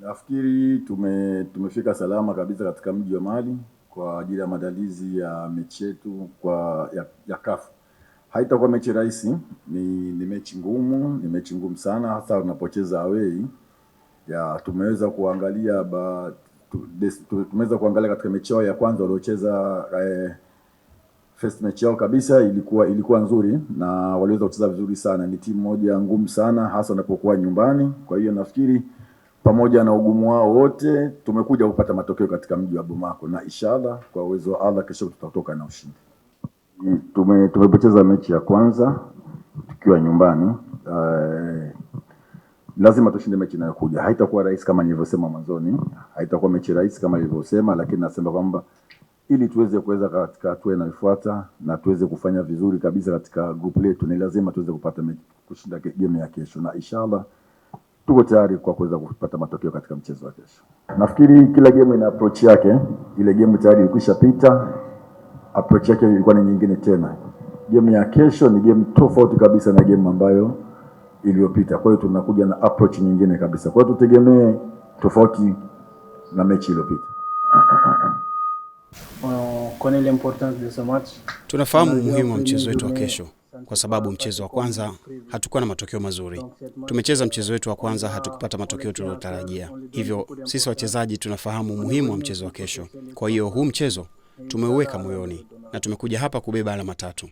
Nafikiri tume tumefika salama kabisa katika mji wa Mali kwa ajili ya maandalizi ya mechi yetu kwa ya, ya kafu. Haitakuwa mechi rahisi, ni, ni mechi ngumu, ni mechi ngumu sana hasa unapocheza away. Ya tumeweza kuangalia ba, tu, des, tu, tumeweza kuangalia katika mechi yao ya kwanza waliocheza eh, first match yao kabisa ilikuwa ilikuwa nzuri na waliweza kucheza vizuri sana. Ni timu moja ngumu sana hasa unapokuwa nyumbani. Kwa hiyo nafikiri pamoja na ugumu wao wote, tumekuja kupata matokeo katika mji wa Bamako, na inshallah kwa uwezo wa Allah kesho tutatoka na ushindi. Mm, tume, tumepoteza mechi ya kwanza tukiwa nyumbani. Uh, lazima tushinde mechi inayokuja. Haitakuwa rahisi kama nilivyosema mwanzoni, haitakuwa mechi rahisi kama nilivyosema, lakini nasema kwamba ili tuweze kuweza katika hatua inayofuata na tuweze kufanya vizuri kabisa katika group letu, ni lazima tuweze kupata mechi, kushinda game ya kesho na inshallah tuko tayari kwa kuweza kupata matokeo katika mchezo wa kesho. Nafikiri kila game ina approach yake. Ile game tayari ilikwisha pita, approach yake ilikuwa ni nyingine tena. Game ya kesho ni game tofauti kabisa na game ambayo iliyopita, kwa hiyo tunakuja na approach nyingine kabisa. Kwa hiyo tutegemee tofauti na mechi iliyopita. Well, tunafahamu umuhimu wa mchezo wetu wa kesho kwa sababu mchezo wa kwanza hatukuwa na matokeo mazuri. Tumecheza mchezo wetu wa kwanza, hatukupata matokeo tuliyotarajia. Hivyo sisi wachezaji tunafahamu umuhimu wa mchezo wa kesho. Kwa hiyo huu mchezo tumeuweka moyoni na tumekuja hapa kubeba alama tatu.